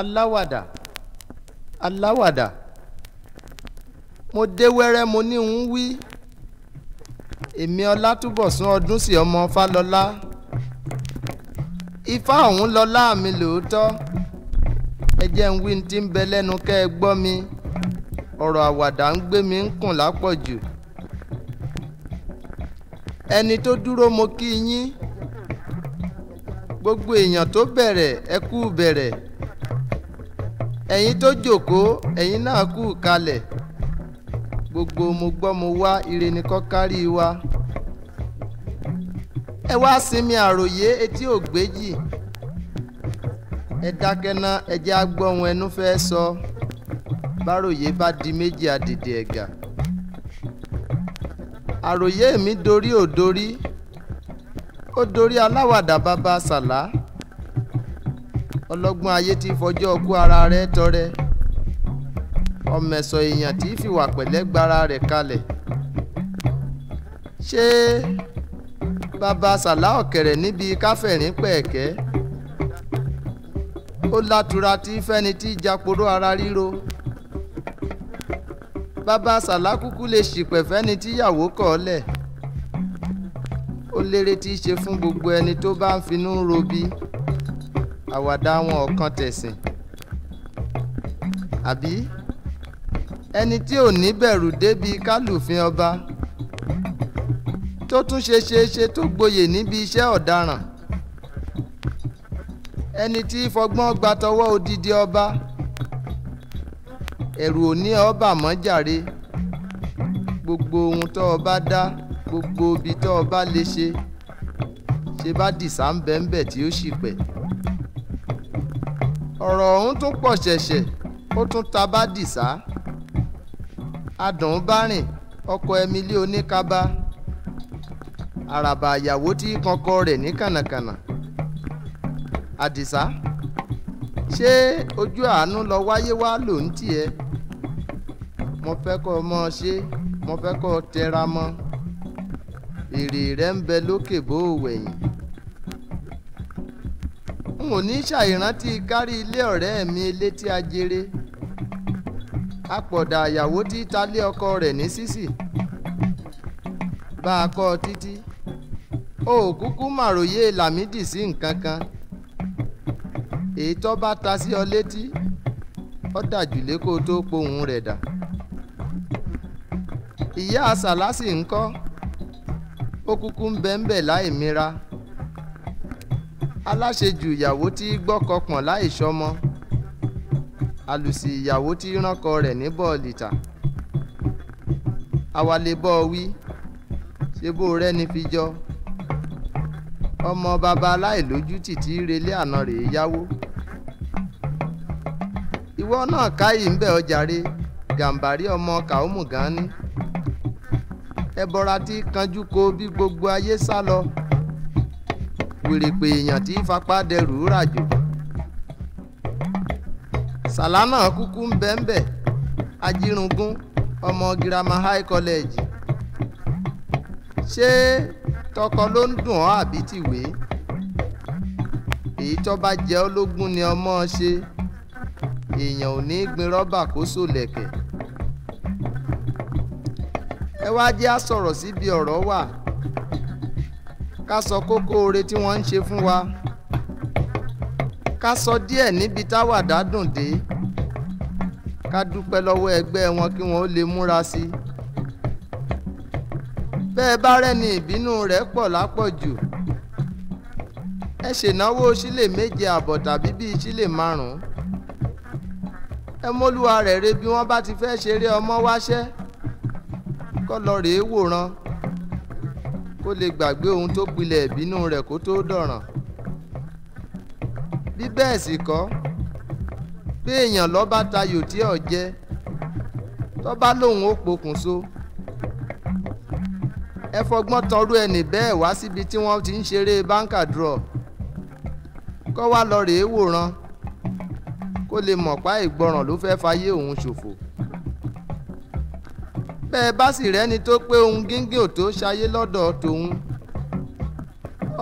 aláwàdà aláwàdà mo dé wẹ́rẹ́ mo ní ń wí èmi ọlátúbọ̀sún ọdún sí ọmọ fálọlá ifá ọ̀hún lọlá mi lóòótọ́ ẹ jẹ́ ń wí tí ń bẹ lẹ́nu kẹ́ ẹ gbọ́ mi ọ̀rọ̀ àwàdà ń gbé mi ń kùn lápọ̀jù ẹni tó dúró mo kí yín gbogbo èèyàn tó bẹ̀rẹ̀ ẹ kú bẹ̀rẹ̀ ẹ̀yin tó jókòó ẹ̀yin náà kú kalẹ̀ gbogbo mo gbọ́ mo wá ire ni kọ́ kárí wa ẹ wá sinmi àròyé etí ògbéjì ẹ dákẹ́ ná ẹ jẹ́ agbọ́hun ẹnu fẹ́ sọ báròyé bá di méjì àdìdì ẹ̀gà àròyé mi dorí ò dorí ó dorí aláwàdà bàbá sàlá. ọlọ́gbọ́n ayé tí fọjọ́ ọkú ara rẹ̀ tọrẹ ọmẹ̀sọ̀ èèyàn tí fìwà pẹ̀lẹ́ gbára rẹ̀ kalẹ̀ ṣé bàbá sàlá ọ̀kẹ̀rẹ̀ níbi káfẹ̀rín pẹ̀ẹ̀kẹ́ ó látura tí fẹ́ni tí japoró ara ríro bàbá sàlá kúkú lè ṣìpẹ̀ fẹ́ni tíyàwó kọ̀ lẹ̀ ó lérè tí í ṣe fún gbogbo ẹni tó bá ń finú robi àwàdà wọn ọ̀kan tẹ̀sìn àbí ẹni tí ò ní bẹ̀rù débi kálùfín ọba tó tún ṣe ṣe ṣe tó gboyè níbi iṣẹ́ ọ̀daràn ẹni tí fọgbọ́n gbatọwọ́ odidi ọba ẹ̀rù ò ní ọba mọ́ jàre gbogbo ohun tó o dá gbogbo ibi tó o lè ṣe ṣe bá dìsá ń bẹ́ńbẹ́ tí ó sì pẹ̀ ọ̀rọ̀ ọ̀hún tún pọ̀ ṣẹ̀ṣẹ̀ ó tún ta bá dìsá adùn bá rìn ọkọ Emily oníkaba àràbà àyàwó tí kọkọ rẹ̀ ní kànàkànà àdìsá ṣé ojú àánú lọ wáyé wá lò ń tiẹ̀ mo fẹ́ kọ́ ọ ṣe mo fẹ́ kọ́ ọ tẹra mọ́ èrè rẹ ń bẹ lókè bó wẹ̀yìn. n ò ní ṣàìrántí kárí ilé ọ̀rẹ́ mi létí ajere apọ̀dà àyàwó tí ta lé ọkọ rẹ̀ ní sísì bá a kọ́ títí o ò kúkú màròyé làmídì sí nǹkan kan èyí tó bá ta sí ọ létí ó dàjú lé kó tó pohùn rẹ̀ dà aláṣejù ìyàwó tí gbọ́kọ pọ̀n láì ṣọmọ àlùsì ìyàwó tí ránkọ rẹ̀ ní bọ́ọ̀lì tà àwàlébọ̀ wí ṣe bó rẹ́ni fi jọ ọmọ baba aláìlójú títí relé àná rèé yáwó ìwọ náà káyì ń bẹ ọjàre gàǹbàrí ọmọ kàómù gan ni ẹbọra tí kanjú ko bí gbogbo ayé sá lọ wèrèpè èèyàn tí fapá dẹrù ràjò sàlámà kúkú ń bẹ́ńbẹ́ ajírungún ọmọ girama high college ṣé tọkọ ló ń dùn ọ́ àbí tìwé èyí tó bá jẹ́ ológun ni ọmọ ṣe èèyàn ò ní gbin rọ́bà kó so lẹ̀kẹ̀ ẹ wá jẹ́ á síbi ọ̀rọ̀ wà. ká sọ kókó oore tí wọ́n ń ṣe fún wa ká sọ díẹ̀ níbi táwàdà dùn dé ká dúpẹ́ lọ́wọ́ ẹgbẹ́ wọn kí wọ́n ó lè múra sí i bẹ́ẹ̀ bá rẹ́ni ìbínú rẹ̀ pọ̀ lápọ̀jù ẹ ṣènáwó sílè méje àbọ̀ tàbí bíi sílè márùn-ún ẹ mọ́lúwa rẹ̀ re bí wọ́n bá ti fẹ́ ṣeré ọmọ wáṣẹ́ kọ́ lọ rèé wòran kó lè gbàgbé ohun tó gbilẹ̀ ìbínú rẹ̀ kó tó dọ̀ràn bí bẹ́ẹ̀ sì kọ́ bí èèyàn lọ́ba tayò tí ò jẹ́ tọ́ba lòun ó pokùnso ẹ fọgbọ́n tọrú ẹnì bẹ́ẹ̀ wá síbi tí wọ́n ti ń ṣeré báńkà draw kọ́ wá lọ rèé wòran kó lè mọ̀ pa ìgbọràn ló fẹ́ fayé òun ṣòfò bẹ́ẹ̀ bá sì rẹ́ni tó pé ohun gíngìn ò tó ṣayé lọ́dọ̀ tòun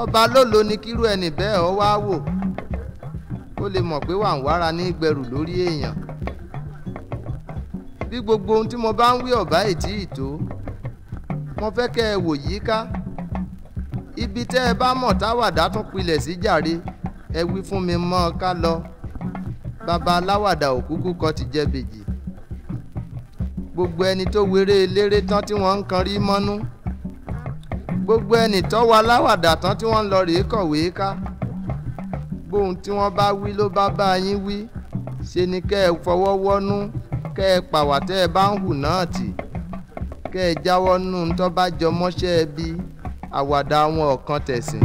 ọba lólo ni kírú ẹni bẹ́ẹ̀ ọ wá wò ó lè mọ̀ pé wàǹwára ní gbẹrù lórí èèyàn bí gbogbo ohun tí mo bá ń wí ọ̀bá ètí ìtó mo fẹ́ kẹ́ ẹ wò yíká ibi tẹ́ ẹ bá mọ̀ táwàdà tún pilẹ̀ sí jàre ẹ wí fún mi mọ́ ọ ká lọ baba aláwàdà òkúkú kọ́ ti jẹ́ bèjì gbogbo ẹni tó wéré eléré tán tí wọ́n ń kan rí mọ́nú gbogbo ẹni tó wà láwàdà tán tí wọ́n ń lọ rèé kọ̀wé ká bóun tí wọ́n bá wí ló bá bá yín wí ṣe ni kẹ́ ẹ fọwọ́ wọ́nú kẹ́ ẹ pàwà tẹ́ ẹ bá ń hù náà tì kẹ́ ẹ jáwọ́ nù tó bá jọ mọ́ṣẹ́ ẹbí àwàdà wọn ọ̀kan tẹ̀sìn.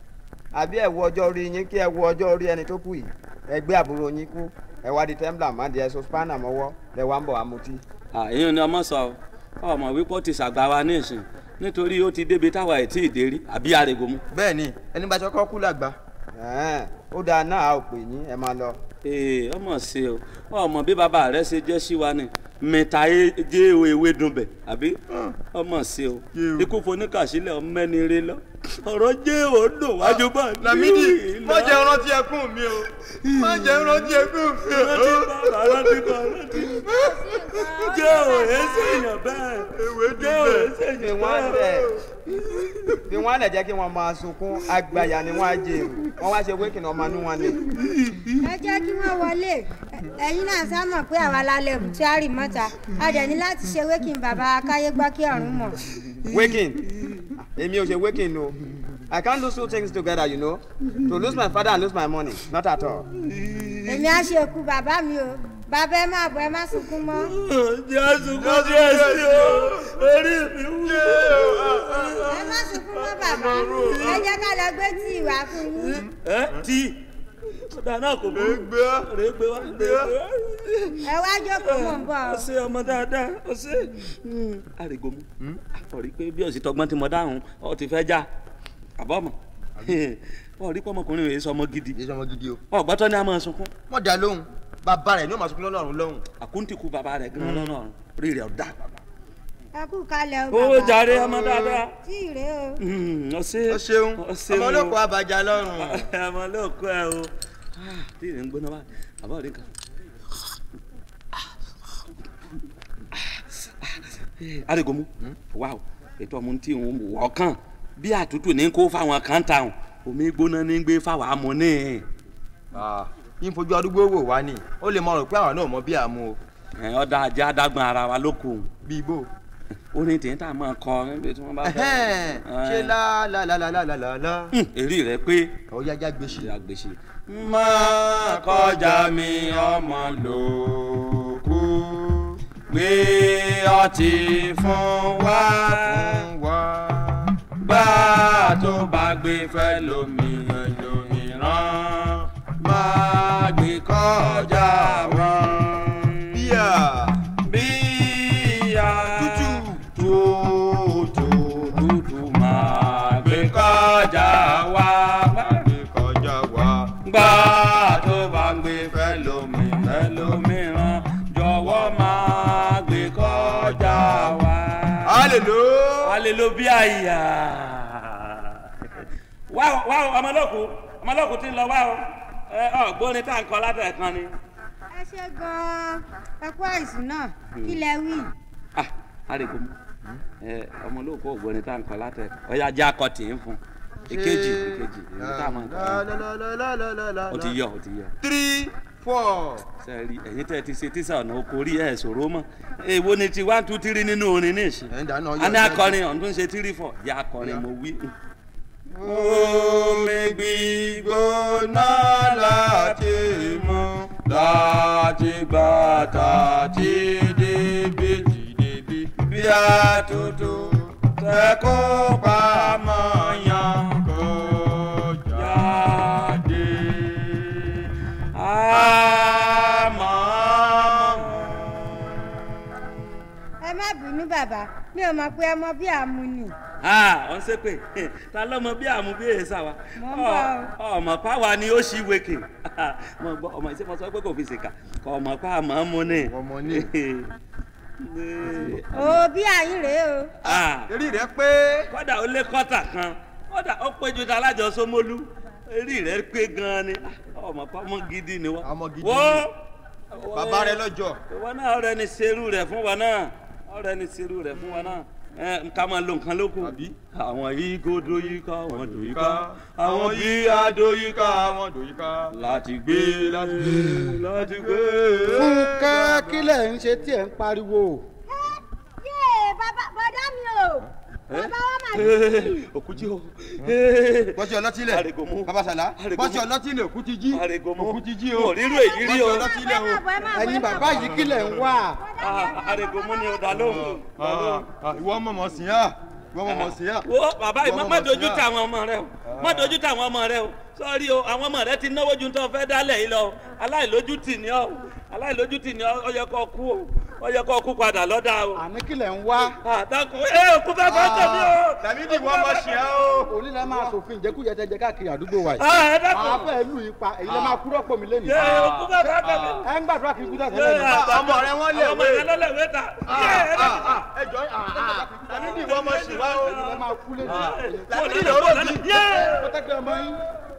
àbí ẹ wo ọjọ́ orí yín kí ẹ wo ọjọ́ orí ẹni tó kù yìí ẹ gbé àbúrò yín kú ẹ wá di tẹ́ḿbà má di ẹ̀sọ spanner mọ́wọ́ lẹ wá ń bọ̀ wá mutí. ni ọmọ sọ ọmọ wípọ́ ti ṣàgbà wa ní ìsìn nítorí ó ti débi táwa ẹ̀ tí ì dé rí àbí arègò mu. bẹ́ẹ̀ni ẹni bá ṣọkọ kú làgbà. ó dáa náà a ò pè yín ẹ máa lọ. ọmọ ṣe o ọmọ bí bàbá rẹ ṣe jẹ́ síwa ni mẹta jẹ ewé dunbẹ àbí ah. ọmọ sí o ikú foníkàsílẹ ọmọ ẹni rẹ lọ ọ̀rọ̀ jẹ ò dùn wájú bá mi. Lamidi má jẹ́ rántí ẹkún mi o má jẹ́ rántí ẹkún mi o. rántí bàbá rántí bàbá rántí. jẹ́ ò ẹsẹ̀ èèyàn bẹ́ẹ̀ jẹ́ ò ẹsẹ̀ èèyàn bẹ́ẹ̀. bí wọ́n á lẹ̀ jẹ́ kí wọ́n máa sunkún àgbàyà ni wọ́n á jẹ èrò wọ́n wá ṣe wékìnnà ọmọ inú wọn ni. ẹ jẹ́ kí wọ́n wọlé ẹ̀yin náà sá mọ̀ pé àwa la lẹ́bù tí a rì mọ́ta a dẹ̀ ní láti ṣe wékìn bàbá akáyé gbọ́ kí ọ̀run mọ̀. wékìn èmi ò ṣe wékìn o I can't lose two things together, you know. To lose my father and lose my money, not at all. Èmi á ṣe òkú bàbá mi o. Bàbá ẹ máa bọ̀ ẹ má sunkún mọ́. Ǹjẹ́ a sunkún sí ẹsẹ̀ o? Orí mi wú. Ẹ má sunkún mọ́ bàbá. Ẹ jẹ́ ká lọ gbé tíì wá fún yín. Tíì dáná kò burú rèé gbé wá rèé gbé wá. ẹ wá jókòó mọ̀ ń bọ̀. ọsẹ ọmọ dáadáa ọsẹ hmm. àrègòmù hmm. àkọrí pé bí òsì tọgbọ́n ti mọ dáhùn ó ti fẹ́ já àbọ̀mọ̀ ọ rí pọ́mọkùnrin rẹ̀ sọmọ gidi. yé sọmọ ni a máa sunkún. wọ́n dá lóhùn bàbá rẹ̀ ni ó máa sunkún lọ́nà ọ̀run lọ́hùn. àkúntì ku bàbá rẹ̀ gan-an lọ́nà ọ̀run rí rẹ̀ ọ̀dà bàbá ẹkú kalẹ̀ o bàbá o jàre ọmọ dáadáa tí ìrè o. ọ̀sẹ̀ hmm, ọ̀sẹ̀ ọmọ olóko abàjá lọ́rùn. ọmọ ẹ o tí ìrìn ń gbóná báyìí àbá òde nǹkan. adigunmu wa o ètò ọmọ tí ń wọ kàn bí àtútù ní kó fáwọn kan ta hàn omi gbóná ní gbé fáwọn amọ̀ ní. yín fojú arúgbó wò wá ni ó lè mọ̀ rò pé àwọn náà mọ bí àmú o. ọ̀dà ajá dágbọn ara wa lóko. bíbó orin tèyí tá a máa kọ níbi tí wọ́n bá fẹ́. ṣé lálálálálálá. èrí rẹ pé. ọ̀ yájá gbèsè. yájá gbèsè. máa kọjá mi ọmọ lòókù gbé ọtí fún wa fún wa gbá tó bá gbé fẹ́ lómi ẹlòmíràn. àyà wá ọmọlọ́kù ọmọlọ́kù ti lọ wá ọ ọ̀gbóni tá à ń kọ ni. ẹ ṣe gan-an ẹ àìsàn náà kí lẹ wí. Ah, a lè ọmọlọ́kù tá ń fún un. ìkejì ìkejì ìlú máa ń kọ́ ọ ti yọ ọ ti yọ. three four. sẹ́ẹ̀rì ẹ̀yin tẹ́ ti ṣe tíṣà ọ̀nà oko rí ẹ̀ ṣòro mọ́ èwo ni ti one two three nínú orin ní ìṣe. a akọrin ọ̀n tó ń ṣe three four yà akọrin mo wí. omi gbígbóná láti mú láti bàtà tí débi tí débi bí àtúntò tẹ kó pamọ́ yẹn. bàbá mi ò mọ̀ pé ọmọ bí àmú ni. ọ ń ṣépè ta lọmọ bí àmú bí èyí sáwa ọmọ páwa ni ó ṣì wékè ọmọ ìṣe mọ sọ pé kò fi ṣèkà ọmọ pa àmọ́ mú ni. o bí àyín rèé o. eré rẹ pé. kódà ó lé kọ́tà kan kódà ó pé ju ti alájọ Ṣómólú eré rẹ pé gan-an ni ọmọ pa ọmọ gidi ni wọ́n. ọmọ gidi ni wọ́n. bàbá rẹ lọ́jọ́. ìwọ náà rẹ ni serú rẹ fún wa náà ọ̀rẹ́ ni serú rẹ̀ fún wa náà ká máa lo nǹkan lóko. àwọn yìí kò àwọn doyíká. àwọn yìí á doyíká àwọn doyíká. láti gbé láti gbé láti gbé. fúnkẹ́ kílẹ̀ ń ṣe tí ẹ̀ ń pariwo. òkú jí o. bọ́sí ọlọ́tí lẹ̀ babasala bọ́sí ọlọ́tí lẹ̀ òkú ti jí òkú ti jí o rírú èyí rí o ẹ̀yin bàbá yìí kílẹ̀ ń wá. Ah, àrègòmù ni ọ̀dà lóhùn. Ah, ah, ìwọ mọ̀mọ́ sí ya, ìwọ mọ̀mọ́ sí yá. wo bàbá yìí má dojú tà àwọn ọmọ rẹ o má dojú tà àwọn ọmọ rẹ o sọ́ọ́rí o àwọn ọmọ rẹ ti náwó ju tó fẹ́ dálẹ̀ yìí lọ aláìlójútì ni ọ aláìlójútì ni ọ yẹ kó kú o wọ́n yẹ kó kú padà lọ́dà o. àní ń wá. àtàkùn ẹ òkú fẹ́ fẹ́ tẹ̀lé o. tàbí ní ìwọ ọmọ ṣẹ́ o. òní máa ṣòfin ìjẹkújẹ tẹjẹ káàkiri àdúgbò wa yìí. Ah, ẹ dákun. máa fẹ́ lù yín pa èyí lẹ máa kúrò pọ̀ mí lẹ́nu. ẹ òkú fẹ́ fẹ́ tẹ̀lé. Ah, ẹ ń gbàdúrà kí ikú tẹ̀ tẹ̀lé lọ. ọmọ rẹ wọn lè wé. ọmọ yẹn lọ́lẹ̀ wé ta. Ah, ẹ jọ tàbí ní ìwọ ọmọ ṣ